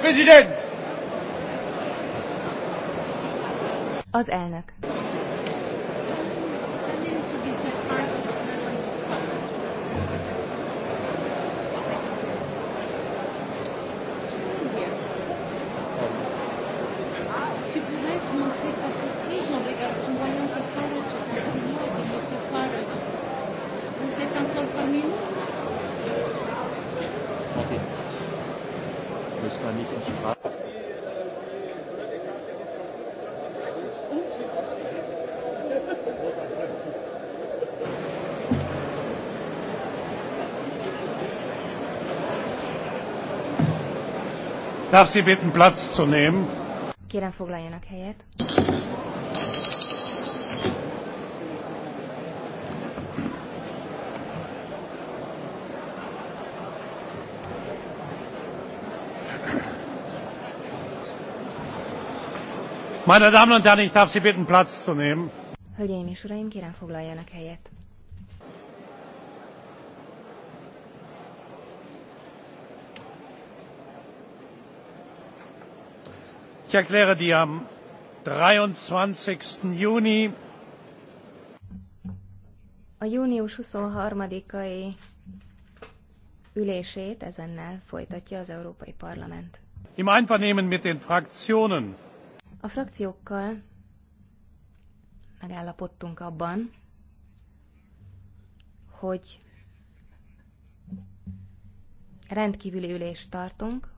Präsident! Az elnök. müssen wir nicht in Darf Sie bitten, Platz zu nehmen? Kérem foglaljanak helyet. Meine Damen und Herren, ich darf Sie bitten, Platz zu nehmen. Hölgyeim és uraim, kérem foglaljanak helyet. Ich erkläre die am 23. Juni a június 23-ai ülését ezennel folytatja az Európai Parlament. Im Einvernehmen mit den Fraktionen a frakciókkal megállapodtunk abban, hogy rendkívüli ülést tartunk,